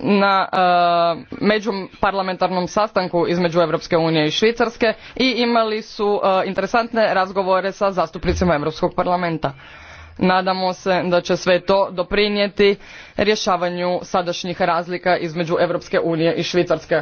na eh, međuparlamentarnom sastanku između europske unije i švicarske i imali su eh, interesantne razgovore sa zastupnicima europskog parlamenta nadamo se da će sve to doprinijeti rješavanju sadašnjih razlika između europske unije i švicarske